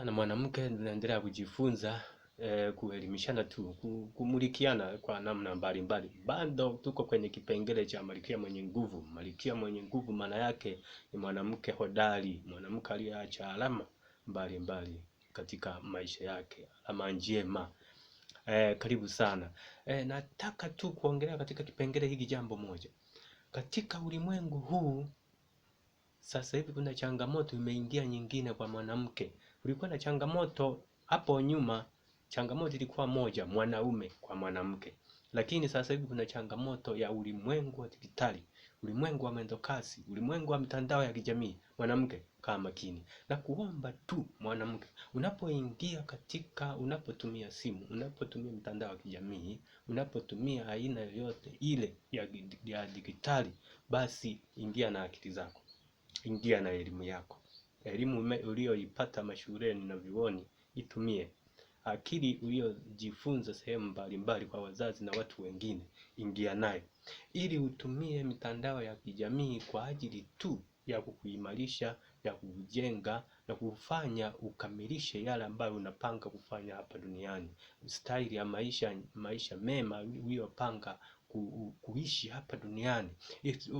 sana mwanamke tunaendelea kujifunza eh, kuelimishana tu, kumulikiana kwa namna mbalimbali. Bado tuko kwenye kipengele cha malikia mwenye nguvu. Malikia mwenye nguvu maana yake ni mwanamke hodari, mwanamke aliyeacha alama mbalimbali katika maisha yake, alama njema. Eh, karibu sana. Eh, nataka tu kuongelea katika kipengele hiki jambo moja. Katika ulimwengu huu sasa hivi kuna changamoto imeingia nyingine kwa mwanamke. Kulikuwa na changamoto hapo nyuma, changamoto ilikuwa moja, mwanaume kwa mwanamke, lakini sasa hivi kuna changamoto ya ulimwengu wa digitali, ulimwengu wa mwendokasi, ulimwengu wa mitandao ya kijamii. Mwanamke kaa makini na kuomba tu, mwanamke unapoingia katika, unapotumia simu, unapotumia mitandao ya kijamii, unapotumia aina yoyote ile ya, ya digitali, basi ingia na akili zako, ingia na elimu yako elimu uliyoipata mashuleni na vyuoni itumie. Akili uliyojifunza sehemu mbalimbali kwa wazazi na watu wengine, ingia nayo ili utumie mitandao ya kijamii kwa ajili tu ya kukuimarisha, ya kujenga na kufanya ukamilishe yale ambayo unapanga kufanya hapa duniani, staili ya maisha, maisha mema uliyopanga kuishi hapa duniani,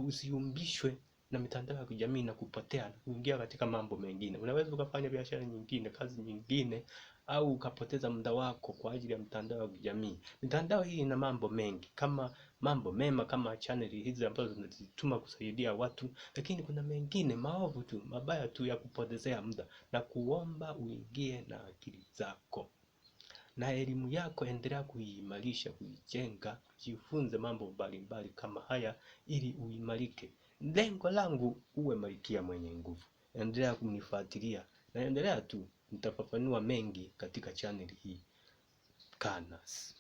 usiumbishwe na mitandao ya kijamii na kupotea na kuingia katika mambo mengine. Unaweza ukafanya biashara nyingine, kazi nyingine, au ukapoteza muda wako kwa ajili ya mtandao wa kijamii. Mitandao hii ina mambo mengi, kama mambo mema, kama chaneli hizi ambazo zinajituma kusaidia watu, lakini kuna mengine maovu tu, mabaya tu, ya kupotezea muda, na kuomba uingie na akili zako na elimu yako, endelea kuiimarisha, kuijenga, jifunze mambo mbalimbali kama haya ili uimarike lengo langu uwe malkia mwenye nguvu. Endelea kunifuatilia na endelea tu, nitafafanua mengi katika chaneli hii kanas